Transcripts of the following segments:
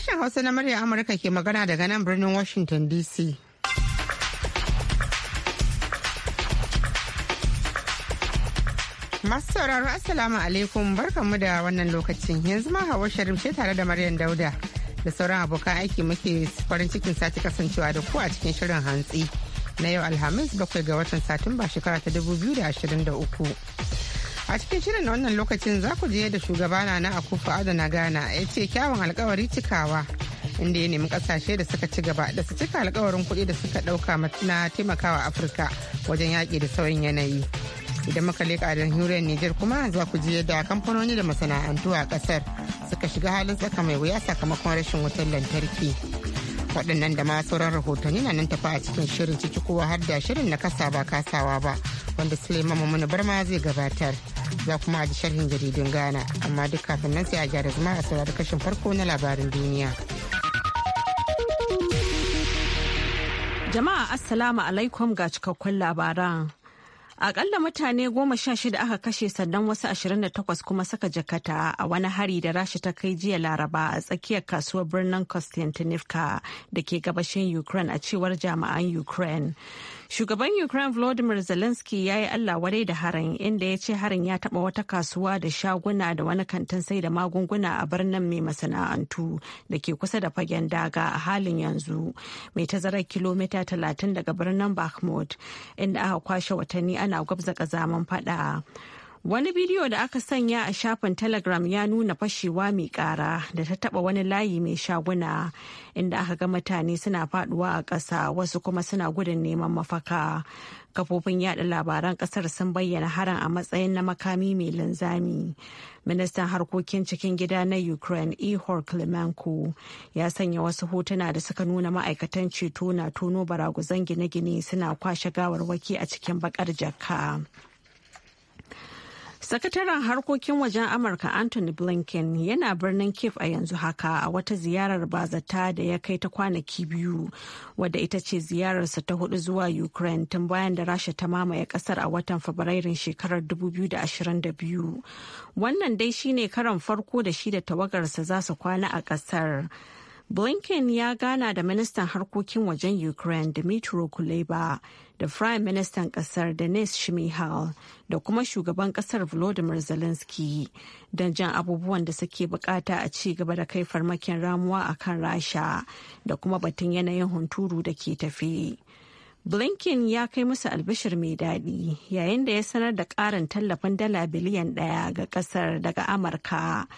Sashen Hausa na murya Amurka ke magana daga nan birnin Washington DC. Masu sauraro Assalamu alaikum barkanmu da wannan lokacin yanzu ma Hawa Sharif ce tare da Maryam Dauda da sauran abokan aiki muke farin cikin sati kasancewa da ku a cikin shirin hantsi na yau Alhamis bakwai ga watan Satumba shekara ta 2023. a cikin shirin na wannan lokacin za ku je da shugaba na na akufa na ghana ya ce kyawun alkawari cikawa inda ya nemi kasashe da suka ci gaba da su cika alkawarin kuɗi da suka ɗauka na taimakawa afirka wajen yaƙi da sauyin yanayi idan muka leƙa da huriyar niger kuma za ku je da kamfanoni da masana'antu a kasar suka shiga halin tsaka mai wuya sakamakon rashin wutar lantarki waɗannan da ma sauran rahotanni na nan tafi a cikin shirin ciki kowa har da shirin na kasa ba kasawa ba wanda suleiman mamman barma zai gabatar za kuma a ji sharhin jaridun Ghana amma duk kafin nan sai a gyara zuma a saurari kashin farko na labarin duniya. Jama'a Assalamu alaikum ga cikakkun labaran. Akalla mutane goma sha shida aka kashe sannan wasu ashirin 28 kuma saka jakata a wani hari da rasha ta kai jiya laraba a tsakiyar kasuwar birnin Konstantinivka da ke gabashin Ukraine a cewar jami'an Ukraine. Shugaban Ukraine Volodymyr Zelensky ya yi Allah wadai da harin inda ya ce harin ya taba wata kasuwa da shaguna da wani kantin sai da magunguna a birnin mai masana'antu da ke kusa da fagen daga a halin yanzu mai tazarar kilomita 30 daga birnin Bakhmut inda aka kwashe watanni ana gwabza kazaman fada. Wani bidiyo da aka sanya a shafin Telegram ya nuna fashewa mai kara da ta taba wani layi mai shaguna inda aka ga mutane suna faduwa a ƙasa wasu kuma suna gudun neman mafaka. Kafofin yada labaran ƙasar sun bayyana harin a matsayin na makami mai linzami. Ministan harkokin cikin gida na Ukraine Ihor Klimenko ya sanya wasu hotuna da suka nuna ma'aikatan ceto na tono baraguzan gine-gine suna kwashe gawarwaki a cikin bakar jaka. Sakataren harkokin wajen Amurka Anthony Blinken yana birnin Kiev a yanzu haka a wata ziyarar bazata da ya kai ta kwanaki biyu wadda ita ce ziyararsa ta hudu zuwa Ukraine tun bayan da Rasha ta mamaye kasar a watan Fabrairun shekarar 2022. Wannan dai shine karan farko da shi da tawagarsa za su kwana a kasar. Blinken ya gana da ministan harkokin wajen Ukraine Dmitry Kuleba da Prime Ministan kasar Denis Shmihal da kuma shugaban kasar Volodymyr Zelensky don jan abubuwan da suke bukata a ci gaba da kai farmakin ramuwa a kan Rasha da kuma batun yanayin hunturu da ke tafi. Blinken ya kai musu albishir mai daɗi yayin da ya sanar da ƙarin tallafin dala biliyan ɗaya ga kasar daga Amurka.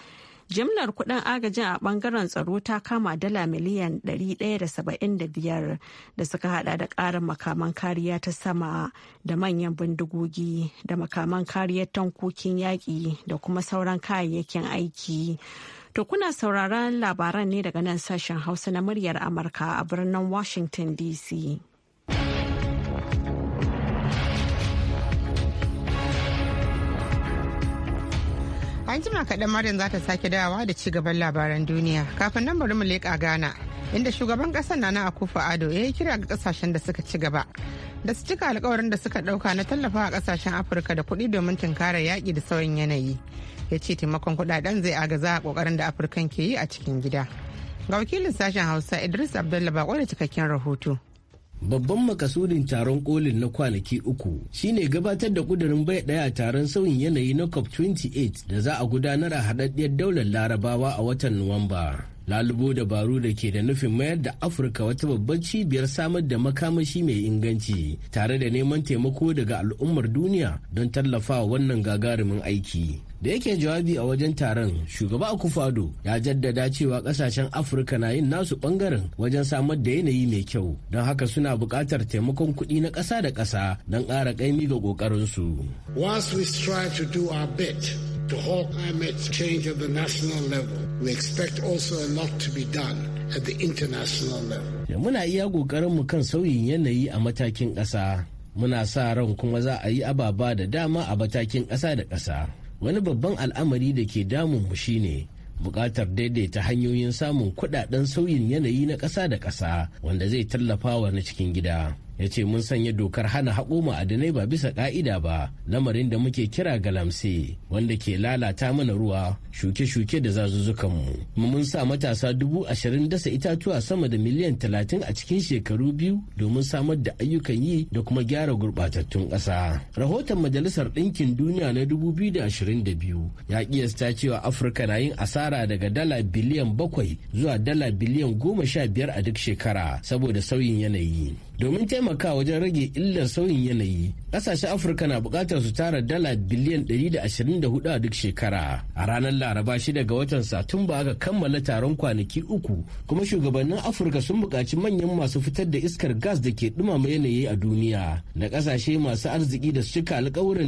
Jimlar kuɗin agajin a ɓangaren tsaro ta kama dala miliyan 175 da suka hada da ƙarin makaman kariya ta sama da manyan bindigogi da makaman kariyar tankokin yaƙi da kuma sauran kayayyakin aiki. To kuna sauraron labaran ne daga nan sashen Hausa na muryar Amurka a birnin Washington DC. An jima kaɗan Maryam za ta sake dawowa da ci gaban labaran duniya. Kafin nan bari mu leƙa Ghana, inda shugaban ƙasar Nana Akufo Ado ya yi kira ga ƙasashen da suka ci gaba. Da su cika alƙawarin da suka ɗauka na tallafawa ƙasashen Afirka da kuɗi domin tunkara yaƙi da sauyin yanayi. Ya ce taimakon kuɗaɗen zai agaza a ƙoƙarin da Afirkan ke yi a cikin gida. Ga wakilin sashen Hausa Idris Abdullahi ba da cikakken rahoto. Babban makasudin taron kolin na kwanaki uku shine gabatar da kudurin bai daya taron sauyin yanayi na COP28 da za a gudanar a haɗaɗɗiyar daular larabawa a watan Nuwamba. lalubo dabaru da ke da nufin mayar da afirka wata babbar cibiyar samar da makamashi mai inganci tare da neman taimako daga al'ummar duniya don tallafawa wannan gagarumin aiki da yake jawabi a wajen taron shugaba akufado ya jaddada cewa kasashen afirka na yin nasu bangaren wajen samar da yanayi mai kyau don haka suna buƙatar taimakon kuɗi na ƙasa da ƙasa don ƙara ƙaimi ga ƙoƙarinsu once we strive to do our bit to halt climate change at the national level we expect also a lot to be done at the international level muna iya ƙoƙarinmu kan sauyin yanayi a matakin ƙasa muna sa ran kuma za a yi ababa da dama a matakin ƙasa da ƙasa wani babban al'amari da ke damun mu shine buƙatar daidaita hanyoyin samun kuɗaɗen sauyin yanayi na ƙasa da ƙasa wanda zai tallafa wa na cikin gida ya ce mun sanya dokar hana haƙo ma'adanai ba bisa ƙa'ida ba lamarin da muke kira galamse wanda ke lalata mana ruwa shuke-shuke da mu mun sa matasa dubu ashirin dasa itatuwa sama da miliyan talatin a cikin shekaru biyu domin samar da ayyukan yi da kuma gyara gurɓatattun ƙasa rahoton majalisar ɗinkin duniya na dubu biyu da ashirin da biyu ya kiyasta cewa afirka na yin asara daga dala biliyan bakwai zuwa dala biliyan goma sha biyar a duk shekara saboda sauyin yanayi domin taimaka wajen rage illar sauyin yanayi ƙasashen afirka na bukatar su tara dala biliyan 124 a duk shekara a ranar laraba shida ga watan satumba aka kammala taron kwanaki uku kuma shugabannin afirka sun bukaci manyan masu fitar da iskar gas da ke ɗumama yanayi a duniya da kasashe masu arziki da su cika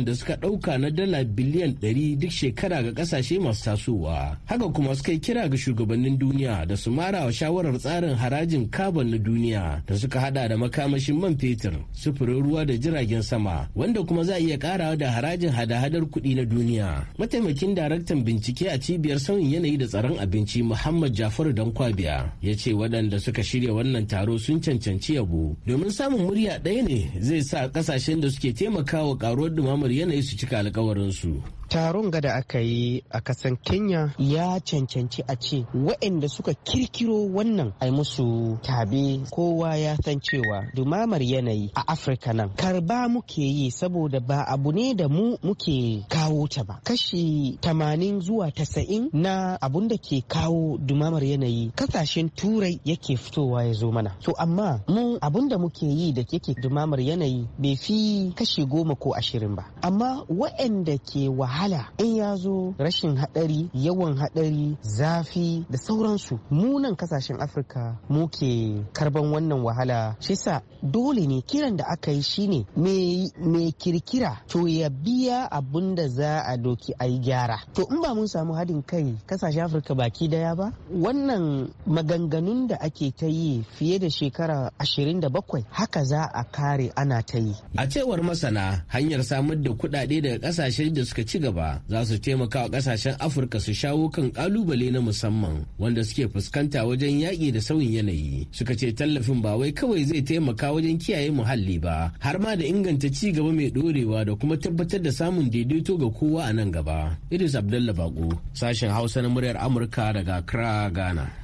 da suka ɗauka na dala biliyan 100 duk shekara ga ƙasashe masu tasowa haka kuma suka yi kira ga shugabannin duniya da su mara wa shawarar tsarin harajin carbon na duniya da suka hada da maka makamashin man fetur sufurin ruwa da jiragen sama wanda kuma za a iya karawa da harajin hada-hadar kuɗi na duniya mataimakin daraktan bincike a cibiyar sauyin yanayi da tsaron abinci muhammad jafaru dankwabiya ya ce waɗanda suka shirya wannan taro sun cancanci yabo domin samun murya ɗaya ne zai sa ƙasashen da suke taimakawa ƙaruwar dumamar yanayi su cika alkawarinsu taron gada aka yi a kasan kenya ya cancanci a ce waɗanda suka kirkiro wannan ai musu tabe kowa ya san cewa dumamar yanayi a afirka nan karba muke yi saboda ba abu ne da mu muke kawo ta ba kashi tamanin zuwa tasa'in na abun da ke kawo dumamar yanayi kasashen turai yake fitowa ya zo mana to amma mu abun da muke yi da yake dumamar yanayi bai fi kashi goma ko ashirin ba amma waɗanda ke wa. wahala in ya zo rashin haɗari yawan haɗari zafi da sauransu munan kasashen afirka muke karban wannan wahala shi sa dole ne kiran da aka yi shine me kirkira to ya biya abun da za a doki a yi gyara to in ba mun samu haɗin kai kasashen afirka baki daya ba wannan maganganun da ake ta yi fiye da shekara 27 haka za a kare ana ta yi a cewar masana hanyar samar da kuɗaɗe daga kasashen da suka ci gaba za su taimaka wa kasashen afirka su shawo kan kalubale na musamman wanda suke fuskanta wajen yaƙi da sauyin yanayi suka ce tallafin ba wai kawai zai taimaka wajen kiyaye muhalli ba har ma da inganta ci gaba mai ɗorewa da kuma tabbatar da samun daidaito ga kowa a nan gaba idris abdullahi bako sashen hausa na muryar amurka daga accra ghana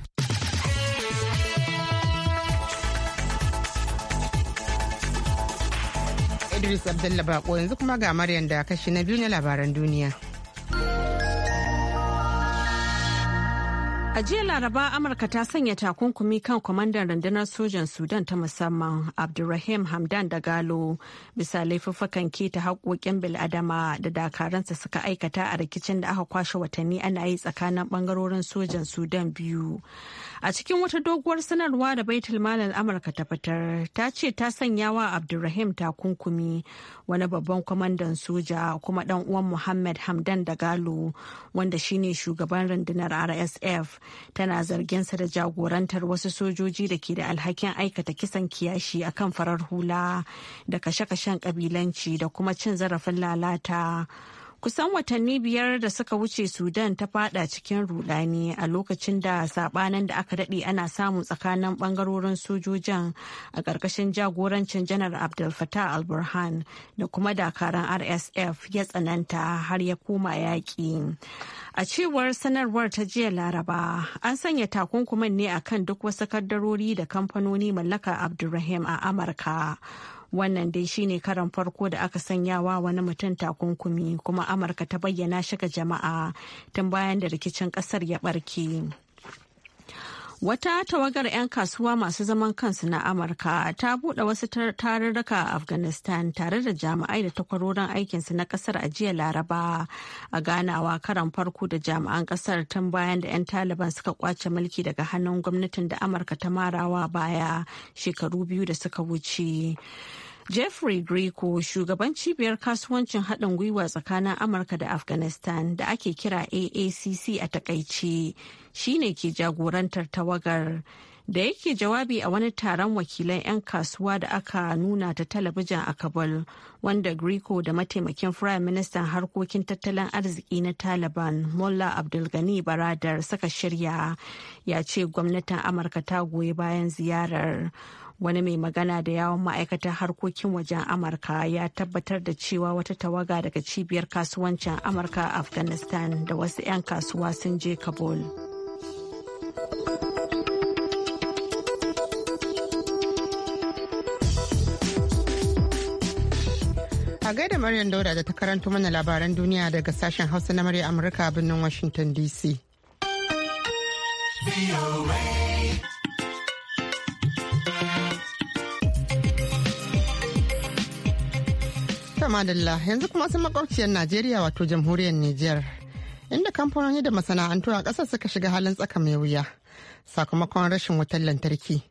Idris Abdullah Bako yanzu kuma ga Maryam da kashi na biyu na labaran duniya. A jiya Laraba Amurka ta sanya takunkumi kan kwamandan rundunar sojan Sudan ta musamman Abdulrahim Hamdan da Galo bisa laifuffukan keta haƙoƙin bil'adama da dakaransa suka aikata a rikicin da aka kwashe watanni ana yi tsakanin ɓangarorin sojan Sudan biyu. A cikin wata doguwar sanarwa da baitul malal Amurka ta fitar ta ce ta sanya wa Abdulrahim takunkumi wani babban kwamandan soja kuma dan uwan Muhammad Hamdan da Galo wanda shine shugaban rundunar RSF tana zarginsa da jagorantar wasu sojoji da ke da alhakin aikata kisan kiyashi a kan farar hula da kashe-kashen kabilanci da kuma cin zarafin lalata. kusan watanni biyar da suka wuce sudan ta fada cikin rudani a lokacin da sabanin da aka daɗe ana samu tsakanin bangarorin sojojin a ƙarƙashin jagorancin janar abdul fatah al-burhan da kuma dakaran rsf ya tsananta har ya koma yaƙi a cewar sanarwar ta jiya laraba an sanya takunkumin ne akan duk wasu kaddarori da kamfanoni mallakar abdulrahim a amurka wannan dai shine karan farko da aka sanya wa wani mutum takunkumi kuma amurka ta bayyana shiga jama'a tun bayan da rikicin kasar ya barke Wata tawagar 'yan kasuwa masu zaman kansu na Amurka ta buɗe wasu tarurruka a Afghanistan tare da jami'ai da takwarorin aikinsu na ƙasar a jiya Laraba a ganawa karan farko da jami'an ƙasar tun bayan da 'yan Taliban suka kwace mulki daga hannun gwamnatin da Amurka ta marawa baya shekaru biyu da suka wuce. Jeffrey Greco shugaban cibiyar kasuwancin haɗin gwiwa tsakanin Amurka da Afghanistan da ake kira AACC a takaice shine ke jagorantar tawagar da yake jawabi a wani taron wakilan 'yan kasuwa da aka nuna ta talabijin a kabul wanda greco da mataimakin firayim ministan harkokin tattalin arziki na taliban mullah abdulgani baradar suka shirya ya ce gwamnatin amurka ta goyi bayan ziyarar wani mai magana da yawon ma'aikatar harkokin wajen amurka ya tabbatar da cewa wata tawaga daga cibiyar kasuwancin amurka afghanistan da wasu 'yan kasuwa sun je kabul. A gaida Maryam Dauda da ta karanto mana labaran duniya daga sashen Hausa na maryam Amurka a birnin Washington DC. madalla yanzu kuma sun makwabciyar najeriya wato jamhuriyar nijar inda kamfanoni da masana'antu a ƙasar suka shiga halin tsaka mai wuya sakamakon rashin wutar lantarki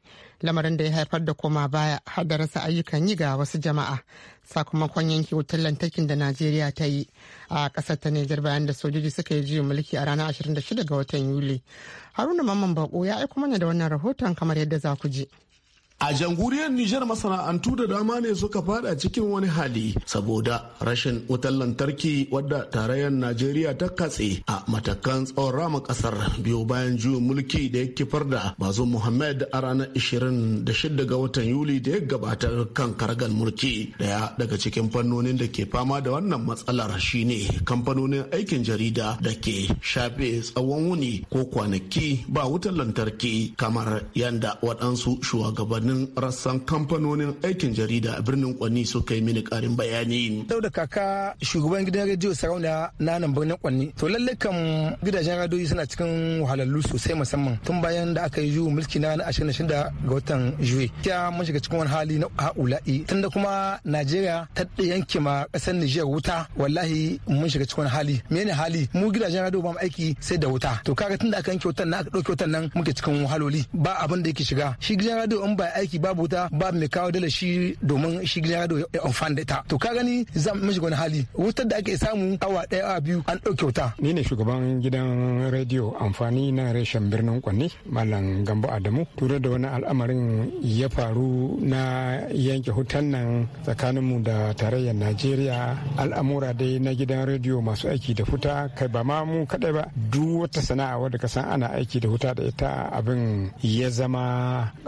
lamarin da ya haifar da koma baya har da rasa ayyukan yi ga wasu jama'a sakamakon yanki wutar lantarkin da najeriya ta yi a ƙasar ta nijar bayan da sojoji suka yi juyin mulki a ranar 26 ga watan yuli haruna mamman bako ya aiko mana da wannan rahoton kamar yadda za ku ji. A jamhuriyar Nijar masana'antu da dama ne suka fada cikin wani hali saboda rashin wutar lantarki wadda tarayyar Najeriya ta katse a matakan tsawon rama kasar biyu bayan juyin mulki da ya kifar da bazo Muhammad a ranar 26 ga watan Yuli da ya gabatar kan kargan mulki. Daya daga cikin fannonin da ke fama da wannan matsalar shine kamfanonin aikin jarida da ke shafe tsawon wuni ko kwanaki ba wutar lantarki kamar yanda waɗansu shugabanni shugabannin rassan kamfanonin aikin jarida a birnin Kwanni suka yi mini karin bayani. da kaka shugaban gidan rediyo sarauniya na nan birnin Kwanni. To lallai kan gidajen radiyoyi suna cikin wahalallu sosai musamman tun bayan da aka yi juyin mulki na 26 ga watan Juye. Kya mun shiga cikin wani hali na ha'ula'i tunda kuma Najeriya ta yanke ma kasar Nijar wuta wallahi mun shiga cikin wani hali. Mene hali mu gidajen radiyo ba mu aiki sai da wuta. To kaga tunda aka yanke wutan na aka ɗauke wutan nan muke cikin wahaloli ba abin da yake shiga. Shi gidan radiyo in ba aiki babu wuta ba mai kawo dala shi domin shi gina yado ya amfani da ita to ka gani za mu wani hali wutar da ake samu awa ɗaya awa biyu an ɗauke wuta ni ne shugaban gidan rediyo amfani na reshen birnin kwanne malam gambo adamu tura da wani al'amarin ya faru na yanke hutan nan tsakanin mu da tarayyar najeriya al'amura dai na gidan rediyo masu aiki da futa kai ba ma mu kaɗai ba duk wata sana'a wadda ka san ana aiki da huta da ita abin ya zama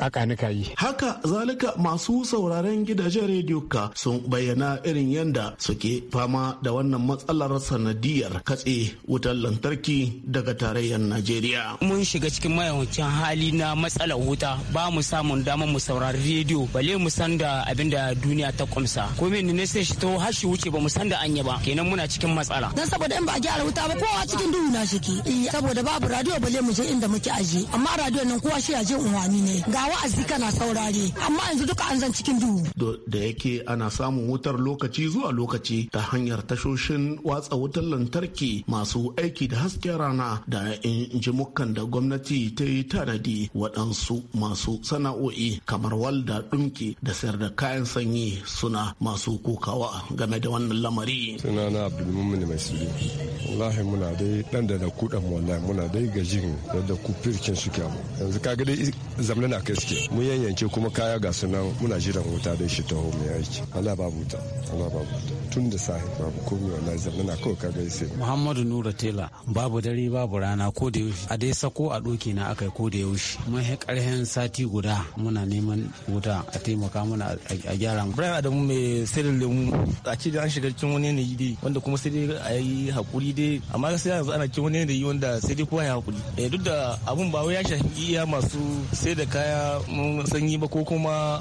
akanika yi haka zalika masu sauraren gidajen rediyo ka sun bayyana irin yadda suke fama da wannan matsalar sanadiyar katse wutar lantarki daga tarayyar najeriya mun shiga cikin mayawancin hali na matsalar wuta ba mu samun damar mu saurari rediyo bale mu san da abin da duniya ta kumsa ko ne ne sai shi to har shi wuce ba mu san da anya ba kenan muna cikin matsala dan saboda in ba a gyara wuta ba kowa cikin duhu na shiki eh, saboda babu radio bale mu je inda muke aje amma radio nan kowa shi aje unwani ne ga wa'azi kana saurare amma yanzu duka an zan cikin duhu. Da yake ana samun wutar lokaci zuwa lokaci ta hanyar tashoshin watsa wutar lantarki masu aiki da hasken rana da in injimukan da gwamnati ta yi tanadi waɗansu masu sana'o'i kamar walda ɗumki da sayar da kayan sanyi suna masu kokawa game da wannan lamari. Sunana Abdulmumin Masiri. Wallahi muna dai ɗan da da kuɗan wallahi muna dai gajin da da kufirkin suke abu. Yanzu kaga dai zamanin a kai suke. Mu yanya yanke kuma kaya ga sunan muna jiran wuta don shi taho mai aiki Allah ba buta Allah ba wuta tun da sahi babu komai wallahi na kawai ka ga Muhammadu Nura Tela babu dare babu rana ko da yaushe a dai sako a doki na akai ko da yaushe mun he karhen sati guda muna neman wuta a taimaka mana a gyara mu Ibrahim Adamu mai sirrin lemu a ce an shiga cikin wani yanayi dai wanda kuma sai dai a yi hakuri dai amma sai yanzu ana cikin wani yanayi wanda sai dai kowa ya hakuri eh, duk da abun ba wai ya shafi iya masu sai da kaya mun sai sanyi ba ko kuma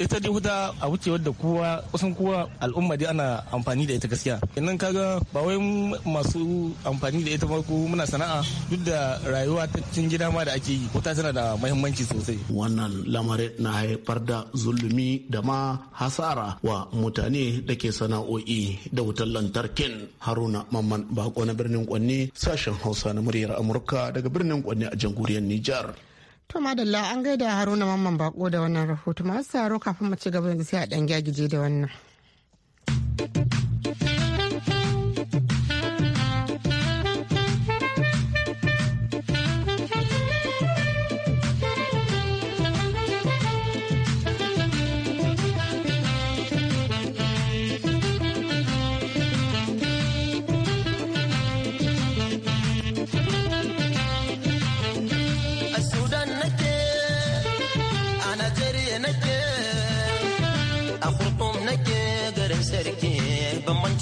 ita dai huta a wuce wadda kowa kusan kowa al'umma dai ana amfani da ita gaskiya idan kaga ba wai masu amfani da ita ba ko muna sana'a duk da rayuwa ta cikin gida ma da ake yi wuta tana da muhimmanci sosai wannan lamari na haifar da zulumi da ma hasara wa mutane da ke sana'o'i da wutar lantarkin haruna mamman bako na birnin kwanne sashen hausa na muryar amurka daga birnin kwanne a jamhuriyar nijar To madalla an gaida haruna mamman bako da wannan rahoto masu tsaro kafin mu ci gaba sai a dan gyagije da wannan.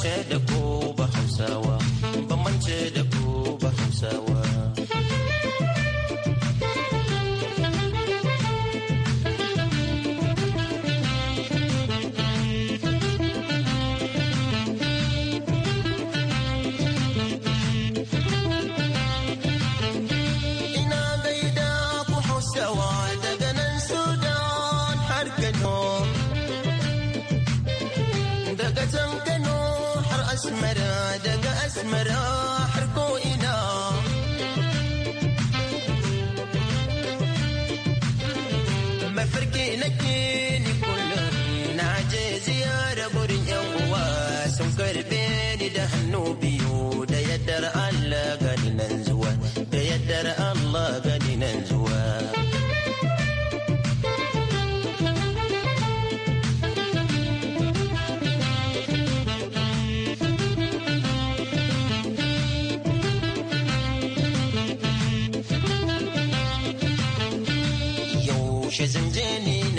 Yeah.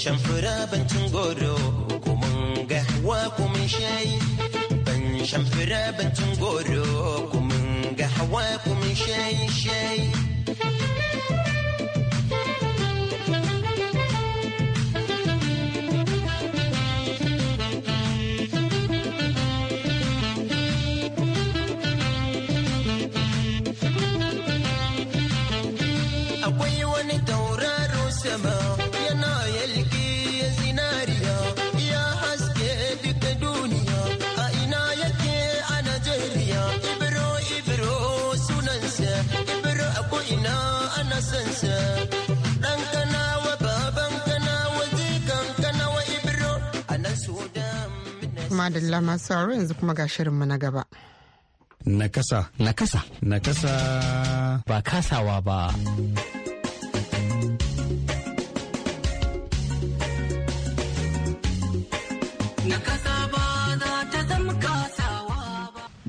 shan fura ban cin goro ko mun ga hawa ko mun shayi ban shan fura ban cin goro ko mun ga ko mun shayi shayi madalla masu sauraro yanzu kuma ga shirinmu na gaba. Nakasa. Nakasa. Nakasa. Ba kasawa ba.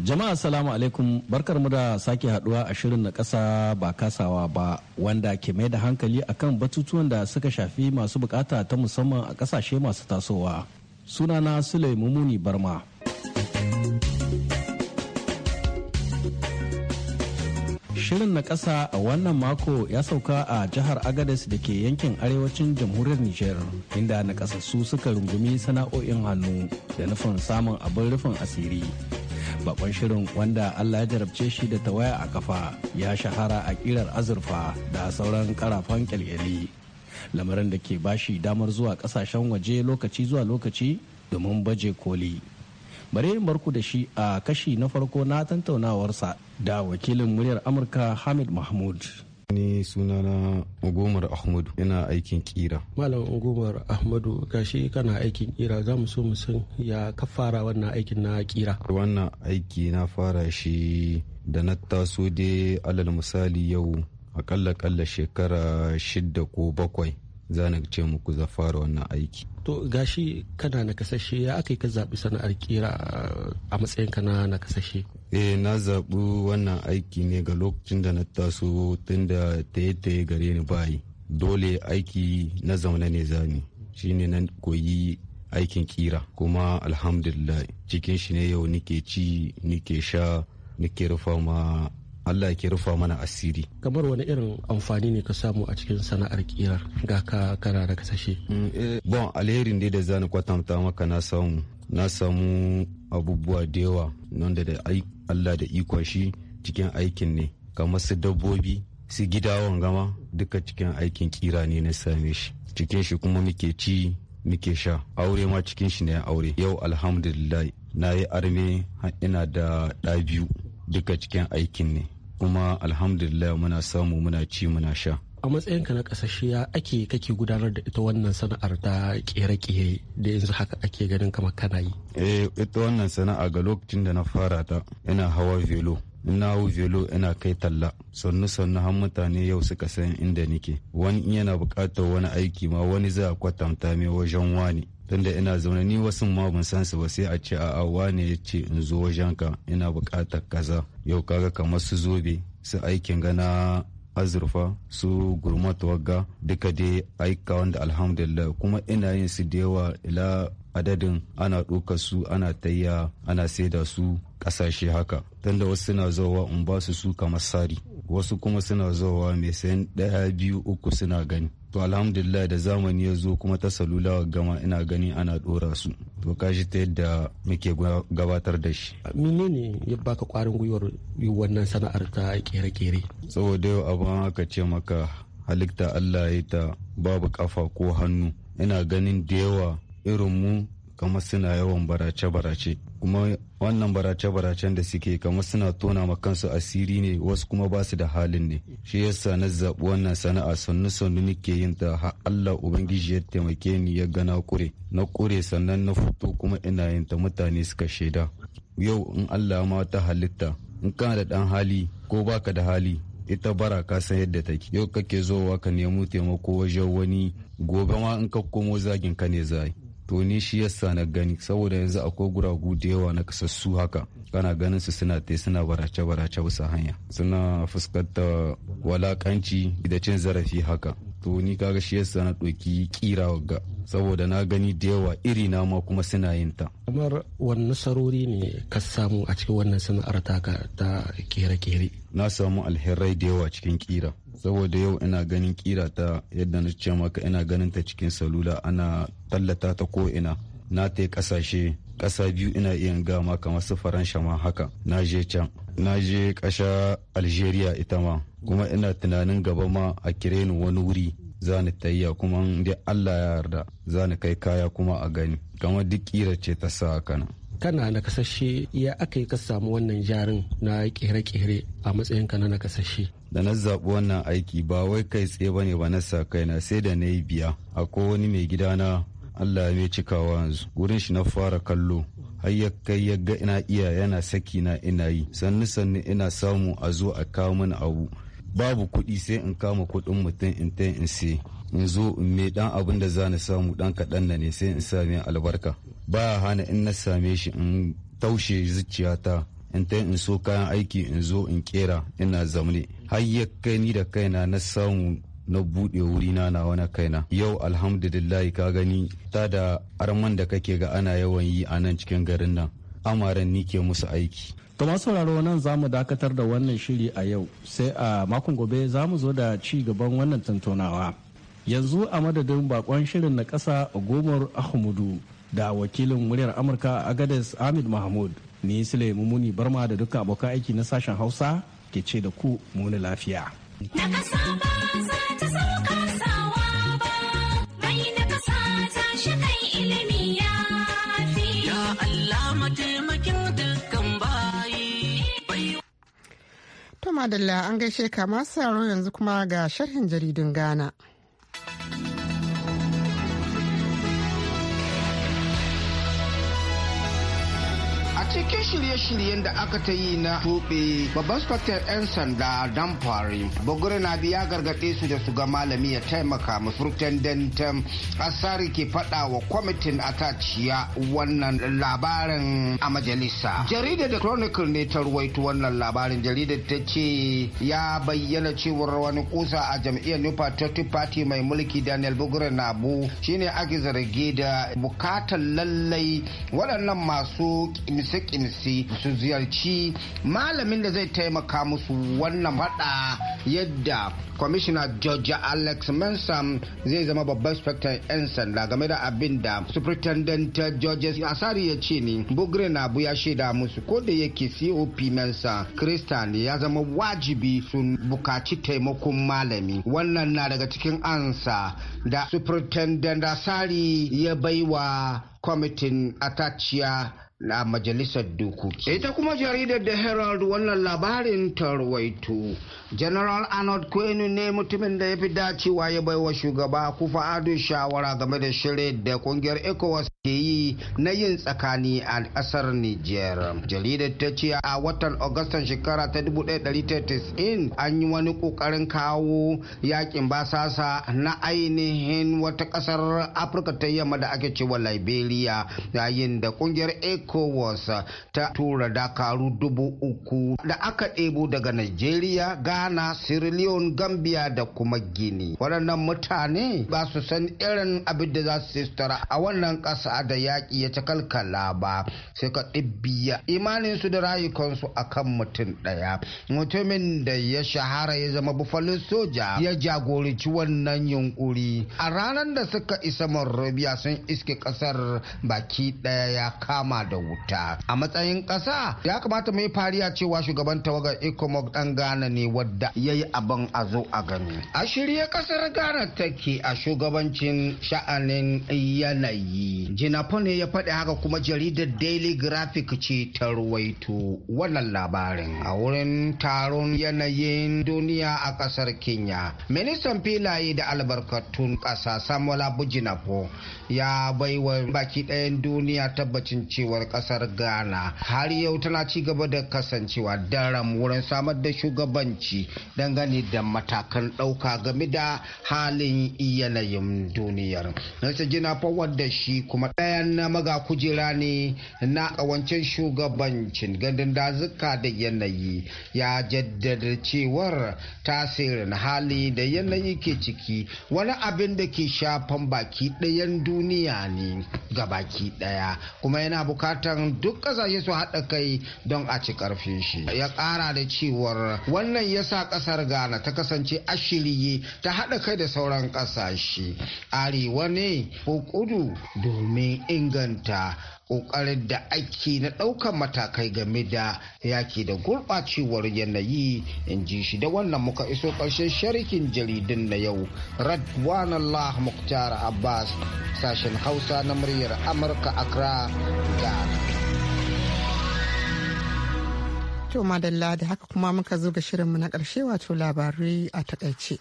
Jama'a salamu alaikum barkar mu da sake haduwa a shirin na kasa ba kasawa ba wanda ke mai da hankali akan batutuwan da suka shafi masu bukata ta musamman a kasashe masu tasowa. sunana Sule Mumuni Barma. Shirin na ƙasa a wannan mako ya sauka a jihar Agadez da ke yankin arewacin jamhuriyar Nijar, inda na suka rungumi sana'o'in hannu da nufin samun abin rufin asiri. Bakon shirin wanda Allah ya jarabce shi da tawaya a kafa ya shahara a ƙirar azurfa da sauran ƙarafan kyalkyali. lamarin da ke bashi damar zuwa kasashen waje lokaci zuwa lokaci domin baje koli bari in barku da shi a kashi na farko na tantaunawarsa da wakilin muryar amurka hamid mahmud ni sunana Ugomar Ahmadu yana aikin kira. Malam Ugomar Ahmadu gashi kana aikin kira za mu so mu san ya ka fara wannan aikin na kira. Wannan aiki na fara shi da na taso dai alal misali yau akalla kalla shekara shida ko bakwai zana ce muku za fara wannan aiki. To gashi kana na kasashe ya aka yi ka zaɓi sana'ar kira a matsayin ka na kasashe. Eh na zaɓi wannan aiki ne ga lokacin da na taso tun da taye-taye gare ni bayi. Dole aiki na zaune ne zani ne na koyi aikin kira kuma alhamdulillah cikin shi ne yau nike ci nike sha nike rufa ma Allah ke rufa mana asiri. Kamar wani irin amfani ne ka samu a cikin sana'ar kirar ga ka kana da kasashe. Mm, eh, bon alherin dai da zani kwatanta maka na samu na samu abubuwa da yawa nan da Allah da ikon shi cikin aikin ne kamar su dabbobi su wa gama duka cikin aikin kira ne na same shi cikin shi kuma muke ci muke sha aure ma cikin shi ne aure yau alhamdulillah na yi arme ina da ɗa biyu duka cikin aikin ne kuma alhamdulillah muna samu muna ci muna sha a matsayinka na ya ake kake gudanar da ita wannan sana'ar ta kere-kere da yanzu haka ake ganin kamar kana yi eh ita wannan sana'a ga lokacin da na fara ta ina hawa velo ina hau velo ina kai talla sannu sannu har mutane yau suka san inda nake. wani yana bukatar wani aiki ma wani za a kwatanta mai wajen wani tunda ina zaune ni wasu ma ban san su ba sai a ce a'a wane ya ce in zo ka ina buƙatar kaza yau kaga kamar su zobe su aikin gana azurfa su gurmat wagga duka dai aika wanda alhamdulillah kuma ina yin su da yawa ila adadin ana ɗaukar su ana tayya ana saida su ƙasashe haka tunda wasu na zowa in ba su su kamar sari wasu kuma suna zuwa mai sayan ɗaya biyu uku suna gani to alhamdulillah da zamani ya zo kuma ta salula gama ina gani ana ɗora su to kashi ta yadda muke gabatar da shi menene ya baka kwarin gwiwar wannan sana'ar ta kere-kere saboda yau abin aka ce maka halitta allah ya ta babu kafa ko hannu ina ganin da yawa irin mu kamar suna yawan barace-barace kuma wannan barace-baracen da suke kamar suna tona ma kansu asiri ne wasu kuma ba su da halin ne shi yasa na zaɓi wannan sana'a sannu sannu nake yin ta har Allah ubangiji ya taimake ni ya gana kure na kure sannan na fito kuma ina yin ta mutane suka shaida yau in Allah ma ta halitta in kana da ɗan hali ko baka da hali ita bara ka san yadda take yau kake zowa ka nemo taimako wajen wani gobe ma in ka komo zagin ka ne zai to ni shi yasa na gani saboda yanzu akwai guragu da yawa na kasassu haka kana ganin su suna te suna barace barace bisa hanya suna fuskanta walakanci da cin zarafi haka to ni kaga shi yasa na ɗauki kira ga saboda na gani da yawa iri na ma kuma suna yin ta kamar wani nasarori ne ka samu a cikin wannan sana'ar taka ta kere-kere na samu alherai da yawa cikin kira saboda yau ina ganin kira ta yadda na ce maka ina ganin ta cikin salula ana tallata ta ko ina na ta kasashe kasa biyu ina iya gama kamar su faransha ma haka na je can na je kasha algeria ita ma kuma ina tunanin gaba ma a kire ni wani wuri za ni tayya kuma da allah ya yarda za ni kai kaya kuma a gani kamar duk kira ce ta sa kana kana na kasashe ya aka yi ka samu wannan jarin na kere-kere a matsayin ka na kasashe da na zaɓi wannan aiki ba wai kai tsaye ba ne ba na sa kai na sai da na yi biya akwai wani mai gidana Allah ya cikawa yanzu wurin shi na fara kallo har ya kai ya ga ina iya yana saki na ina yi sannu sannu ina samu a zo a kawo mini abu babu kuɗi sai in kama kuɗin mutum in ta in sai in zo in mai dan abin da za na samu dan kaɗan na ne sai in sami albarka ba hana in na same shi in taushe zuciyata in ta in so kayan aiki in zo in kera ina zamne har ya kai ni da kaina na samu na buɗe wurina na wani kaina yau alhamdulillah ka gani ta da arman da kake ga ana yawan yi a nan cikin garin nan amaren ni ke musu aiki to masu sauraro nan za mu dakatar da wannan shiri a yau sai a makon gobe za mu zo da ci gaban wannan tantonawa yanzu a madadin bakon shirin na ƙasa gomar ahmudu da wakilin muryar amurka agades ahmed mahmud ni sule muni barma da duka abokan aiki na sashen hausa ke ce da ku muni lafiya To madalla an gaishe kama masu yanzu kuma ga sharhin jaridun Ghana. shirye-shiryen da aka ta yi na tuɓe babban spectator 'yan sanda dan fari bagure na biya gargaɗe su da su ga malami ya taimaka mafurtan dantan asari ke faɗa wa kwamitin ciya wannan labarin a majalisa jaridar da chronicle ne ta ruwaito wannan labarin jaridar ta ce ya bayyana cewar wani kusa a jam'iyyar new patriotic party mai mulki daniel bugure na bu shine ake zarge da bukatar lallai waɗannan masu kimse-kimse su ziyarci malamin da zai taimaka musu wannan faɗa yadda kwamishina george alex mensam zai zama babban spectre 'yan sanda game da abin da superintendent georges asari ya ce ni. bugre na abu ya shaida musu ko da yake cop mensa kristan ya zama wajibi sun bukaci taimakon malami wannan na daga cikin ansa da superintendent asari ya baiwa kwamitin ataciya na majalisar dokoki. Ita kuma jaridar da Herald wannan labarin tarwaito. General Arnold Kwenu ne mutumin da ya fi dacewa ya baiwa shugaba kufa ado shawara game da shirin da kungiyar ECOWAS ke yi na yin tsakani a ƙasar Nijar. Jaridar ta ce a watan Agustan shekara ta 1990 an yi wani ƙoƙarin kawo yakin basasa na ainihin wata ƙasar Afirka ta yamma da ake cewa Liberia yayin da kungiyar kowarsa ta tura dakaru dubu uku da aka ɗebo daga Najeriya, ghana sierra leone gambia da kuma gini waɗannan mutane ba su san irin abin da za su tara a wannan ƙasa da yaƙi ya ta kalkala ba sai ka ɗibbiya su da rayukansu a kan mutum ɗaya mutumin da ya shahara ya zama bufalin soja ya jagoranci wannan yunkuri a ranar da suka isa monrovia sun iske ƙasar baki ɗaya ya kama da wuta a matsayin ƙasa ya kamata mai fariya cewa shugaban tawagar ecomog dan ghana ne wadda ya yi abin a zo a gani a shirya kasar ghana take a shugabancin sha'anin yanayi jinapo ne ya faɗi haka kuma jaridar daily graphic ce ta ruwaito wannan labarin a wurin taron yanayin duniya a kasar kenya ministan filaye da albarkatun ƙasa samuel jinafo ya baiwa baki ɗayan duniya tabbacin cewar kasar ghana har yau tana ci gaba da kasancewa daram wurin samar da shugabanci dangane da matakan ɗauka game da halin yanayin duniyar nasa jina fawar da shi kuma ɗaya na maga kujera ne na ƙawancin shugabancin gandun dazuka da yanayi ya jaddada cewar tasirin hali da yanayi ke ciki wani abin da ke shafan baki ɗayan duniya ne ga baki ɗaya kuma yana bukatar bukatan duk kasashe su haɗa kai don a ci karfin shi ya ƙara da cewar wannan ya sa ƙasar ghana ta kasance a ta haɗa kai da sauran ƙasashe arewa ne ko kudu domin inganta ƙoƙarin da ake na ɗaukar matakai game da yaki da gurɓacewar yanayi in ji shi da wannan muka iso ƙarshen sharikin jaridun na yau radwan allah muktar abbas sashen hausa na muryar amurka accra ghana To madalla da haka kuma muka zo ga shirinmu na karshe, wato labarai a takaice.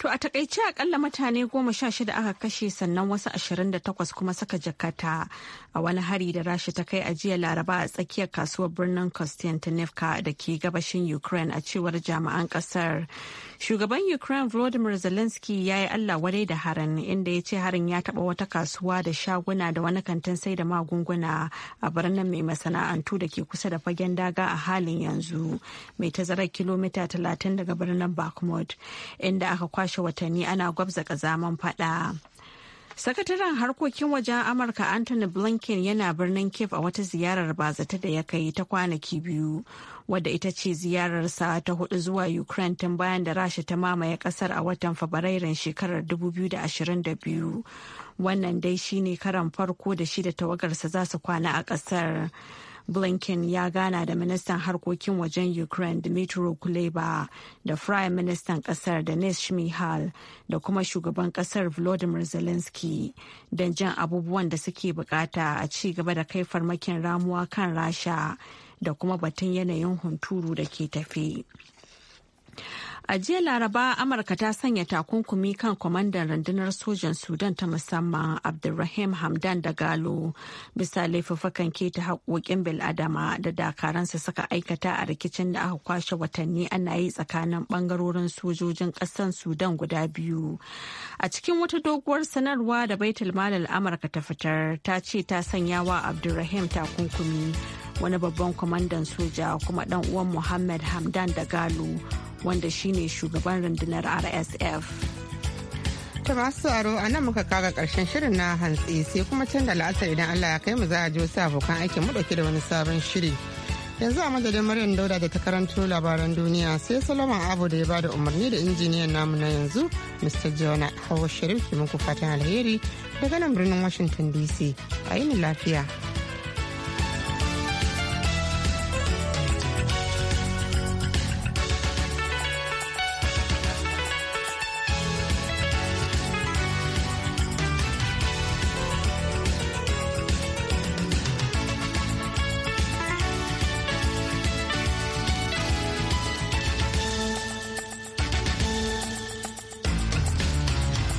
To a takaice akalla mutane goma sha shida aka kashe sannan wasu ashirin da takwas kuma suka jakata a wani hari da rasha ta kai a jiya laraba a tsakiyar kasuwar birnin Konstantinivka da ke gabashin Ukraine a cewar jami'an kasar. Shugaban Ukraine Volodymyr Zelensky ya yi Allah wadai da harin inda ya ce harin ya taba wata kasuwa da shaguna da wani kantin sai da magunguna a birnin mai masana'antu da ke kusa da fagen daga a halin yanzu mai tazarar kilomita talatin daga birnin Bakhmut inda aka kwashe kwashe watanni ana gwabza kazaman fada. Sakataren harkokin wajen Amurka Anthony Blinken yana birnin Cape a wata ziyarar bazata da ya kai ta kwanaki biyu, wadda ita ce ziyararsa ta hudu zuwa Ukraine tun bayan da Rasha ta mamaye kasar a watan Fabrairun shekarar 2022. Wannan dai shine karan farko da shi da tawagarsa za su kwana a kasar. blinken ya gana da ministan harkokin wajen ukraine dmitry kuleba da prime ministan kasar denis shmihal da kuma shugaban kasar volodymyr zelensky don jan abubuwan da suke bukata a ci gaba da kai farmakin ramuwa kan rasha da kuma batun yanayin hunturu da ke tafi. A jiya Laraba, Amurka ta sanya takunkumi kan kwamandan rundunar sojan Sudan ta musamman Abdulrahim Hamdan da Galo bisa laifuffukan keta haƙoƙin bil'adama da dakaransa suka aikata a rikicin da aka kwashe watanni ana yi tsakanin ɓangarorin sojojin ƙasar Sudan guda biyu. A cikin wata doguwar sanarwa da Baitul Malal Amurka ta fitar ta ce ta sanya wa Abdulrahim takunkumi wani babban kwamandan soja kuma ɗan uwan Muhammad Hamdan da Galo. wanda shine shugaban rundunar rsf ta masu aro a nan muka kaga karshen shirin na hantsi sai kuma can da la'asar idan allah ya kai mu za a ji wasu abokan aikin mu dauke da wani sabon shiri yanzu a madadin maryam dauda da ta karanto labaran duniya sai solomon abu da ya bada umarni da injiniyan namu na yanzu mr jona hawa sharif ke muku fatan alheri daga nan birnin washington dc a yi lafiya